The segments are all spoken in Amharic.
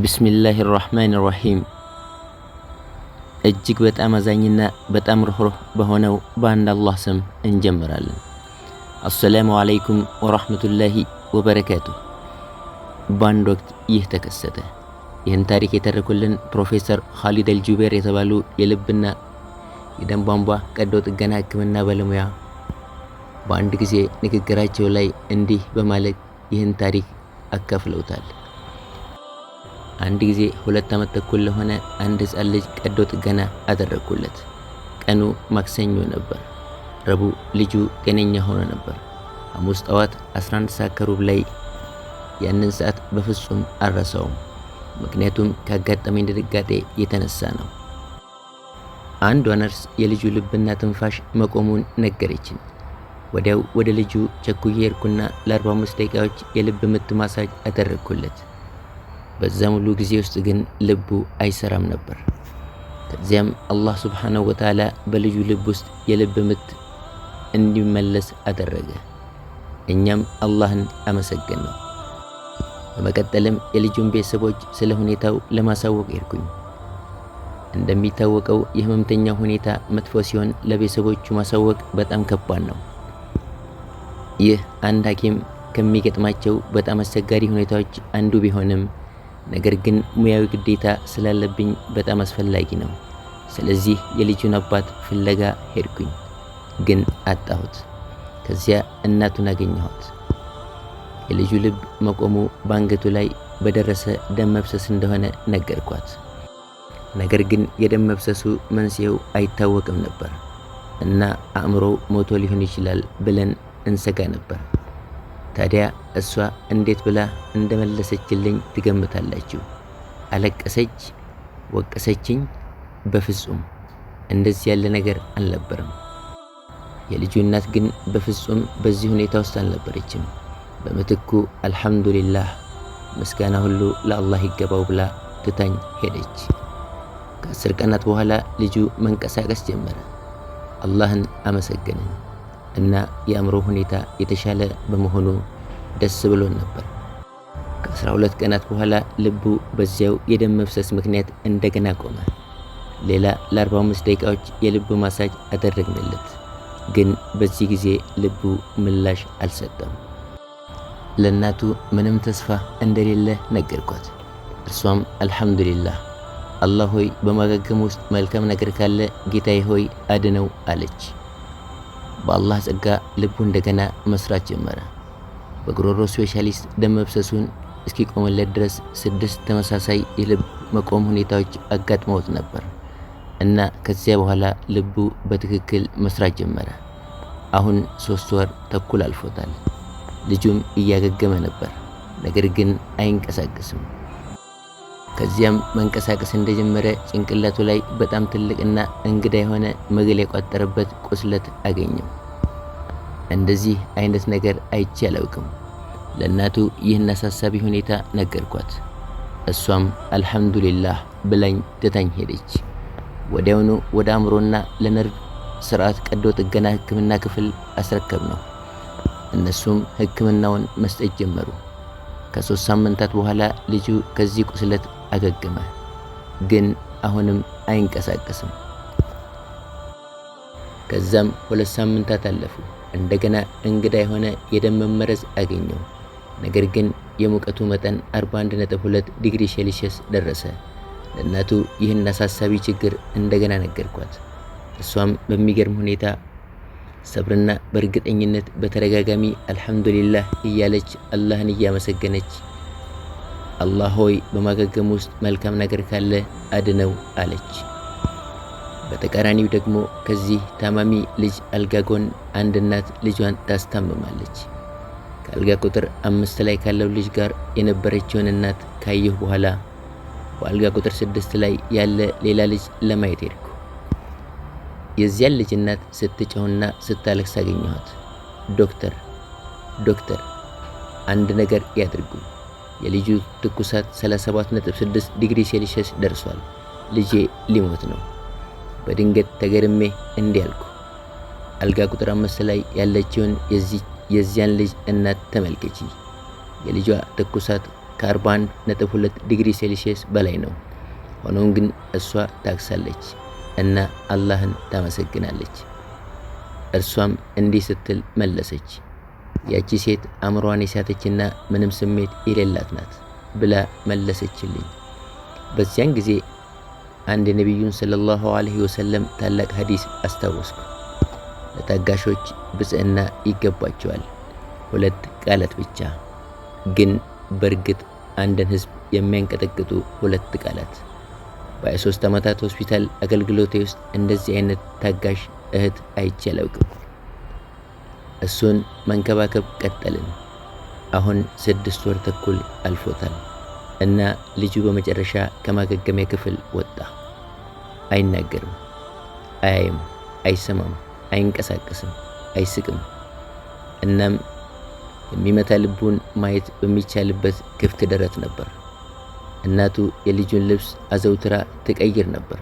ቢስሚላህ ራህማን ራሂም እጅግ በጣም አዛኝና በጣም ርኅሩህ በሆነው በአንድ አላህ ስም እንጀምራለን። አሰላሙ አለይኩም ወራህመቱላሂ ወበረካቱ። በአንድ ወቅት ይህ ተከሰተ። ይህን ታሪክ የተረኩልን ፕሮፌሰር ኻሊድ አልጁቤር የተባሉ የልብና የደም ቧንቧ ቀዶ ጥገና ሕክምና ባለሙያ በአንድ ጊዜ ንግግራቸው ላይ እንዲህ በማለት ይህን ታሪክ አካፍለውታል። አንድ ጊዜ ሁለት ዓመት ተኩል ለሆነ አንድ ህፃን ልጅ ቀዶ ጥገና አደረግኩለት። ቀኑ ማክሰኞ ነበር። ረቡዕ ልጁ ጤነኛ ሆኖ ነበር። ሐሙስ ጠዋት 11 ሰዓት ከሩብ ላይ ያንን ሰዓት በፍጹም አልረሳውም። ምክንያቱም ካጋጠመኝ ድንጋጤ የተነሳ ነው። አንዷ ነርስ የልጁ ልብና ትንፋሽ መቆሙን ነገረችን። ወዲያው ወደ ልጁ ቸኩዬ ሄድኩና ለ45 ደቂቃዎች የልብ ምት ማሳጅ አደረግኩለት። በዛም ሁሉ ጊዜ ውስጥ ግን ልቡ አይሰራም ነበር። ከዚያም አላህ ሱብሓነሁ ወተዓላ በልጁ ልብ ውስጥ የልብ ምት እንዲመለስ አደረገ። እኛም አላህን አመሰገን ነው። በመቀጠልም የልጁን ቤተሰቦች ስለ ሁኔታው ለማሳወቅ ሄድኩኝ። እንደሚታወቀው የህመምተኛ ሁኔታ መጥፎ ሲሆን ለቤተሰቦቹ ማሳወቅ በጣም ከባድ ነው። ይህ አንድ ሐኪም ከሚገጥማቸው በጣም አስቸጋሪ ሁኔታዎች አንዱ ቢሆንም ነገር ግን ሙያዊ ግዴታ ስላለብኝ በጣም አስፈላጊ ነው። ስለዚህ የልጁን አባት ፍለጋ ሄድኩኝ፣ ግን አጣሁት። ከዚያ እናቱን አገኘኋት። የልጁ ልብ መቆሙ በአንገቱ ላይ በደረሰ ደም መብሰስ እንደሆነ ነገርኳት። ነገር ግን የደም መብሰሱ መንስኤው አይታወቅም ነበር እና አእምሮ ሞቶ ሊሆን ይችላል ብለን እንሰጋ ነበር። ታዲያ እሷ እንዴት ብላ እንደመለሰችልኝ ትገምታላችሁ? አለቀሰች? ወቀሰችኝ? በፍጹም እንደዚህ ያለ ነገር አልነበረም። የልጁ እናት ግን በፍጹም በዚህ ሁኔታ ውስጥ አልነበረችም። በምትኩ አልሐምዱሊላህ ምስጋና ሁሉ ለአላህ ይገባው ብላ ትታኝ ሄደች። ከአስር ቀናት በኋላ ልጁ መንቀሳቀስ ጀመረ። አላህን አመሰገንን። እና የአእምሮ ሁኔታ የተሻለ በመሆኑ ደስ ብሎን ነበር። ከ12 ቀናት በኋላ ልቡ በዚያው የደም መፍሰስ ምክንያት እንደገና ቆመ። ሌላ ለ45 ደቂቃዎች የልብ ማሳጅ አደረግንለት፣ ግን በዚህ ጊዜ ልቡ ምላሽ አልሰጠም። ለእናቱ ምንም ተስፋ እንደሌለ ነገርኳት። እርሷም አልሐምዱሊላህ አላህ ሆይ በማገገም ውስጥ መልካም ነገር ካለ ጌታዬ ሆይ አድነው አለች። በአላህ ጸጋ ልቡ እንደገና መስራት ጀመረ። በጉሮሮ ስፔሻሊስት ደም መብሰሱን እስኪቆምለት ድረስ ስድስት ተመሳሳይ የልብ መቆም ሁኔታዎች አጋጥመውት ነበር እና ከዚያ በኋላ ልቡ በትክክል መስራት ጀመረ። አሁን ሶስት ወር ተኩል አልፎታል። ልጁም እያገገመ ነበር፣ ነገር ግን አይንቀሳቀስም። ከዚያም መንቀሳቀስ እንደጀመረ ጭንቅላቱ ላይ በጣም ትልቅና እንግዳ የሆነ መግል የቋጠረበት ቁስለት አገኘው። እንደዚህ አይነት ነገር አይቼ አላውቅም። ለእናቱ ይህን አሳሳቢ ሁኔታ ነገርኳት። እሷም አልሐምዱሊላህ ብላኝ ትታኝ ሄደች። ወዲያውኑ ወደ አእምሮና ለነርቭ ስርዓት ቀዶ ጥገና ህክምና ክፍል አስረከብ ነው። እነሱም ህክምናውን መስጠት ጀመሩ። ከሶስት ሳምንታት በኋላ ልጁ ከዚህ ቁስለት አገግመ፣ ግን አሁንም አይንቀሳቀስም። ከዛም ሁለት ሳምንታት አለፉ። እንደገና እንግዳ የሆነ የደም መመረዝ አገኘው። ነገር ግን የሙቀቱ መጠን 41.2 ዲግሪ ሴልሺየስ ደረሰ። ለእናቱ ይህን አሳሳቢ ችግር እንደገና ነገርኳት። እርሷም በሚገርም ሁኔታ ሰብርና በእርግጠኝነት በተደጋጋሚ አልሐምዱሊላህ እያለች አላህን እያመሰገነች አላህ ሆይ በማገገም ውስጥ መልካም ነገር ካለ አድነው አለች። በተቃራኒው ደግሞ ከዚህ ታማሚ ልጅ አልጋ ጎን አንድ እናት ልጇን ታስታምማለች። ከአልጋ ቁጥር አምስት ላይ ካለው ልጅ ጋር የነበረችውን እናት ካየሁ በኋላ በአልጋ ቁጥር ስድስት ላይ ያለ ሌላ ልጅ ለማየት ሄድኩ። የዚያን ልጅ እናት ስትጨውና ስታለቅስ አገኘኋት። ዶክተር ዶክተር አንድ ነገር ያድርጉ የልጁ ትኩሳት 37.6 ዲግሪ ሴልሺየስ ደርሷል። ልጄ ሊሞት ነው። በድንገት ተገርሜ እንዲህ አልኩ። አልጋ ቁጥር አምስት ላይ ያለችውን የዚያን ልጅ እናት ተመልከቺ። የልጇ ትኩሳት ከ41.2 ዲግሪ ሴልሺየስ በላይ ነው። ሆኖም ግን እሷ ታግሳለች እና አላህን ታመሰግናለች። እርሷም እንዲህ ስትል መለሰች ያቺ ሴት አእምሯን የሳተችና ምንም ስሜት የሌላት ናት ብላ መለሰችልኝ። በዚያን ጊዜ አንድ ነቢዩን ሰለላሁ ዐለይሂ ወሰለም ታላቅ ሐዲስ አስታወስኩ። ለታጋሾች ብጽዕና ይገባቸዋል፣ ሁለት ቃላት ብቻ ግን በእርግጥ አንድን ህዝብ የሚያንቀጠቅጡ ሁለት ቃላት በሶስት ዓመታት ሆስፒታል አገልግሎቴ ውስጥ እንደዚህ አይነት ታጋሽ እህት አይቼ አላውቅም። እሱን መንከባከብ ቀጠልን። አሁን ስድስት ወር ተኩል አልፎታል እና ልጁ በመጨረሻ ከማገገሚያ ክፍል ወጣ። አይናገርም፣ አያይም፣ አይሰማም፣ አይንቀሳቀስም፣ አይስቅም። እናም የሚመታ ልቡን ማየት በሚቻልበት ክፍት ደረት ነበር። እናቱ የልጁን ልብስ አዘውትራ ትቀይር ነበር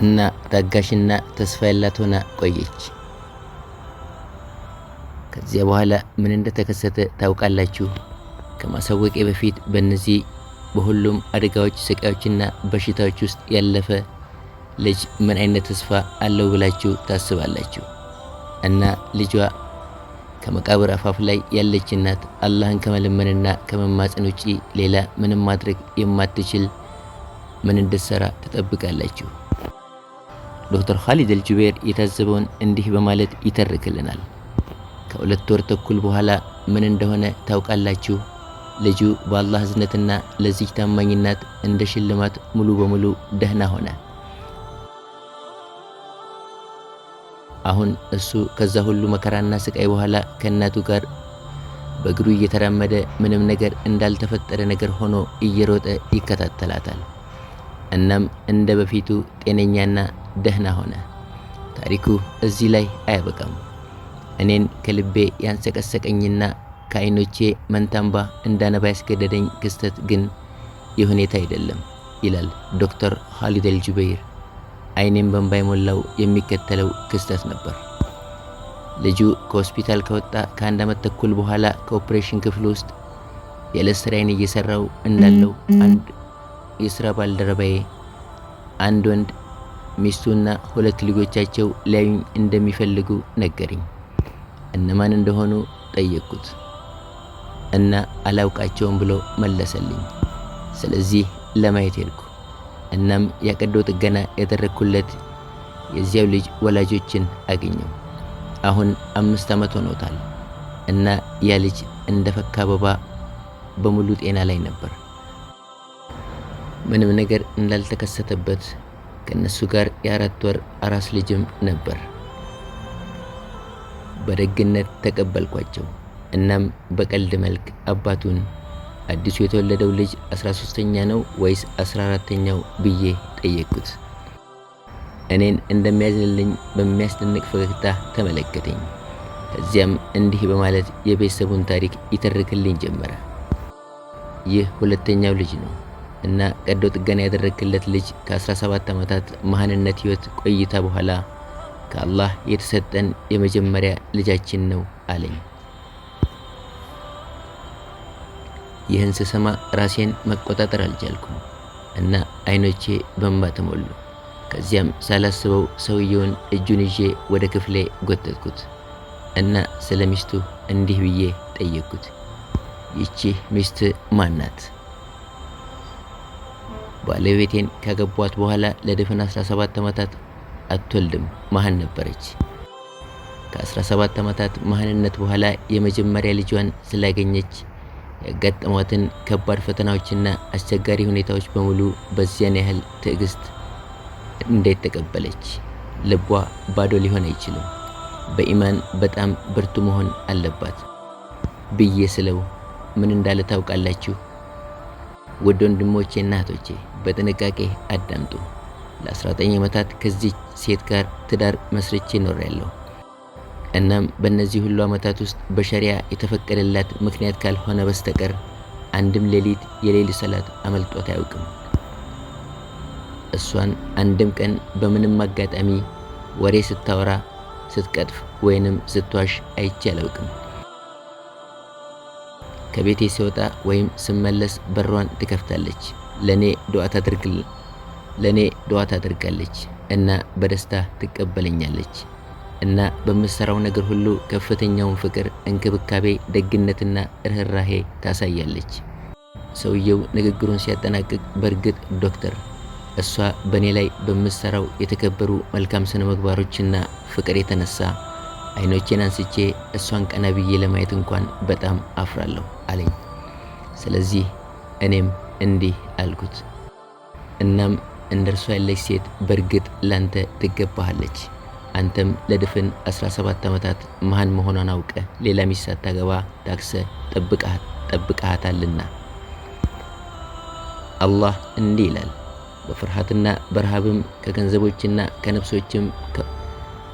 እና ታጋሽና ተስፋ ያላት ሆና ቆየች። ከዚያ በኋላ ምን እንደተከሰተ ታውቃላችሁ። ከማሳወቄ በፊት በእነዚህ በሁሉም አደጋዎች፣ ስቃዮችና በሽታዎች ውስጥ ያለፈ ልጅ ምን አይነት ተስፋ አለው ብላችሁ ታስባላችሁ? እና ልጇ ከመቃብር አፋፍ ላይ ያለች እናት አላህን ከመለመንና ከመማጸን ውጪ ሌላ ምንም ማድረግ የማትችል ምን እንድትሰራ ትጠብቃላችሁ? ዶክተር ኻሊድ አልጁቤር የታዘበውን እንዲህ በማለት ይተርክልናል። ከሁለት ወር ተኩል በኋላ ምን እንደሆነ ታውቃላችሁ። ልጁ በአላህ እዝነትና ለዚህ ታማኝነት እንደ ሽልማት ሙሉ በሙሉ ደህና ሆነ። አሁን እሱ ከዛ ሁሉ መከራና ስቃይ በኋላ ከእናቱ ጋር በእግሩ እየተራመደ ምንም ነገር እንዳልተፈጠረ ነገር ሆኖ እየሮጠ ይከታተላታል። እናም እንደ በፊቱ ጤነኛና ደህና ሆነ። ታሪኩ እዚህ ላይ አያበቃም። እኔን ከልቤ ያንሰቀሰቀኝና ከዓይኖቼ መንታንባ እንዳነባ ያስገደደኝ ክስተት ግን የሁኔታ አይደለም ይላል ዶክተር ኻሊድ አልጁበይር። ዓይኔን በእንባ የሞላው የሚከተለው ክስተት ነበር። ልጁ ከሆስፒታል ከወጣ ከአንድ ዓመት ተኩል በኋላ ከኦፕሬሽን ክፍል ውስጥ የዕለት ስራዬን እየሰራው እንዳለው አንድ የስራ ባልደረባዬ አንድ ወንድ ሚስቱና ሁለት ልጆቻቸው ሊያዩኝ እንደሚፈልጉ ነገርኝ። እነማን እንደሆኑ ጠየቅኩት እና አላውቃቸውም ብሎ መለሰልኝ። ስለዚህ ለማየት ሄድኩ። እናም የቀዶ ጥገና ያደረግኩለት የዚያው ልጅ ወላጆችን አገኘው። አሁን አምስት ዓመት ሆኖታል እና ያ ልጅ እንደ ፈካ አበባ በሙሉ ጤና ላይ ነበር። ምንም ነገር እንዳልተከሰተበት ከእነሱ ጋር የአራት ወር አራስ ልጅም ነበር። በደግነት ተቀበልኳቸው። እናም በቀልድ መልክ አባቱን አዲሱ የተወለደው ልጅ 13ተኛ ነው ወይስ 14ተኛው ብዬ ጠየቅኩት። እኔን እንደሚያዝንልኝ በሚያስደንቅ ፈገግታ ተመለከተኝ። ከዚያም እንዲህ በማለት የቤተሰቡን ታሪክ ይተርክልኝ ጀመረ። ይህ ሁለተኛው ልጅ ነው እና ቀዶ ጥገና ያደረግክለት ልጅ ከ17 ዓመታት መሃንነት ሕይወት ቆይታ በኋላ ከአላህ የተሰጠን የመጀመሪያ ልጃችን ነው አለኝ። ይህን ስሰማ ራሴን መቆጣጠር አልቻልኩም እና አይኖቼ በእንባ ተሞሉ። ከዚያም ሳላስበው ሰውየውን እጁን ይዤ ወደ ክፍሌ ጎተትኩት እና ስለ ሚስቱ እንዲህ ብዬ ጠየቅኩት። ይቺ ሚስት ማን ናት? ባለቤቴን ካገቧት በኋላ ለድፍን 17 ዓመታት አትወልድም መሃን ነበረች። ከ17 ዓመታት መሃንነት በኋላ የመጀመሪያ ልጇን ስላገኘች ያጋጠሟትን ከባድ ፈተናዎችና አስቸጋሪ ሁኔታዎች በሙሉ በዚያን ያህል ትዕግስት እንዴት ተቀበለች? ልቧ ባዶ ሊሆን አይችልም፣ በኢማን በጣም ብርቱ መሆን አለባት ብዬ ስለው ምን እንዳለ ታውቃላችሁ? ውድ ወንድሞቼ እና እህቶቼ በጥንቃቄ አዳምጡ። ለ19 ዓመታት ከዚህ ሴት ጋር ትዳር መስርቼ ኖሬያለሁ። እናም በእነዚህ ሁሉ ዓመታት ውስጥ በሸሪያ የተፈቀደላት ምክንያት ካልሆነ በስተቀር አንድም ሌሊት የሌሊት ሰላት አመልጦት አያውቅም። እሷን አንድም ቀን በምንም አጋጣሚ ወሬ ስታወራ፣ ስትቀጥፍ ወይንም ስትዋሽ አይቼ አላውቅም። ከቤቴ ሲወጣ ወይም ስመለስ በሯን ትከፍታለች። ለእኔ ዱዓ ታደርግልኝ ለእኔ ድዋ ታደርጋለች እና በደስታ ትቀበለኛለች እና በምሠራው ነገር ሁሉ ከፍተኛውን ፍቅር፣ እንክብካቤ፣ ደግነትና ርኅራሄ ታሳያለች። ሰውየው ንግግሩን ሲያጠናቅቅ በእርግጥ ዶክተር፣ እሷ በእኔ ላይ በምሠራው የተከበሩ መልካም ስነ ምግባሮችና ፍቅር የተነሳ አይኖቼን አንስቼ እሷን ቀና ብዬ ለማየት እንኳን በጣም አፍራለሁ አለኝ። ስለዚህ እኔም እንዲህ አልኩት እናም እንደ እርሷ ያለች ሴት በእርግጥ ላንተ ትገባሃለች። አንተም ለድፍን 17 ዓመታት መሃን መሆኗን አውቀ ሌላ ሚስት ሳታገባ ታክሰ ጠብቀሃታልና። አላህ እንዲህ ይላል፣ በፍርሃትና በረሃብም ከገንዘቦችና ከነፍሶችም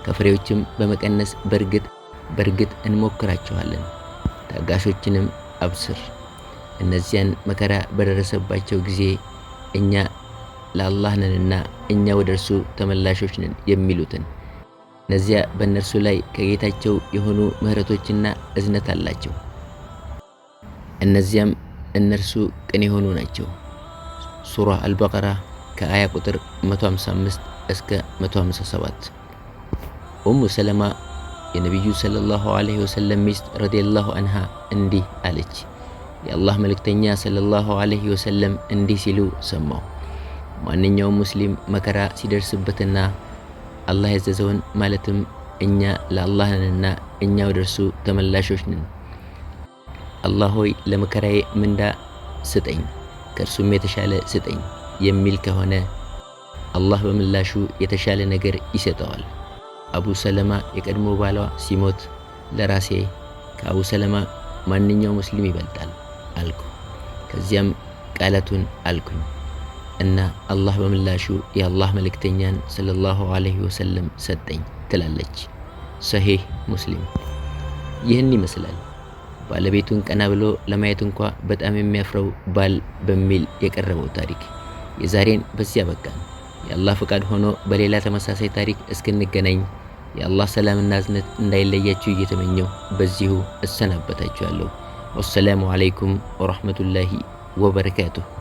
ከፍሬዎችም በመቀነስ በእርግጥ በእርግጥ እንሞክራቸዋለን። ታጋሾችንም አብስር። እነዚያን መከራ በደረሰባቸው ጊዜ እኛ ለአላህ ነንና እኛ ወደ እርሱ ተመላሾች ነን የሚሉትን እነዚያ በእነርሱ ላይ ከጌታቸው የሆኑ ምሕረቶችና እዝነት አላቸው። እነዚያም እነርሱ ቅን የሆኑ ናቸው። ሱራ አልበቀራ ከአያ ቁጥር 155 እስከ 157። ኡሙ ሰለማ የነቢዩ ሰለላሁ ዐለይሂ ወሰለም ሚስት ረዲየላሁ አንሃ እንዲህ አለች። የአላህ መልእክተኛ ሰለላሁ ዐለይሂ ወሰለም እንዲህ ሲሉ ሰማሁ። ማንኛውም ሙስሊም መከራ ሲደርስበትና አላህ ያዘዘውን ማለትም እኛ ለአላህ ነንና እኛ ወደ እርሱ ተመላሾች ነን። አላህ ሆይ ለመከራዬ ምንዳ ስጠኝ፣ ከእርሱም የተሻለ ስጠኝ የሚል ከሆነ አላህ በምላሹ የተሻለ ነገር ይሰጠዋል። አቡ ሰለማ የቀድሞ ባሏ ሲሞት ለራሴ ከአቡ ሰለማ ማንኛው ሙስሊም ይበልጣል አልኩ። ከዚያም ቃላቱን አልኩኝ። እና አላህ በምላሹ የአላህ መልእክተኛን ሰለላሁ አለይሂ ወሰለም ሰጠኝ ትላለች። ሰሂህ ሙስሊም። ይህን ይመስላል ባለቤቱን ቀና ብሎ ለማየት እንኳ በጣም የሚያፍረው ባል በሚል የቀረበው ታሪክ የዛሬን በዚህ አበቃን። የአላህ ፈቃድ ሆኖ በሌላ ተመሳሳይ ታሪክ እስክንገናኝ የአላህ ሰላምና እዝነት እንዳይለያችሁ እየተመኘው በዚሁ እሰናበታችኋለሁ። ወሰላሙ ዓለይኩም ወረህመቱላሂ ወበረካቱሁ።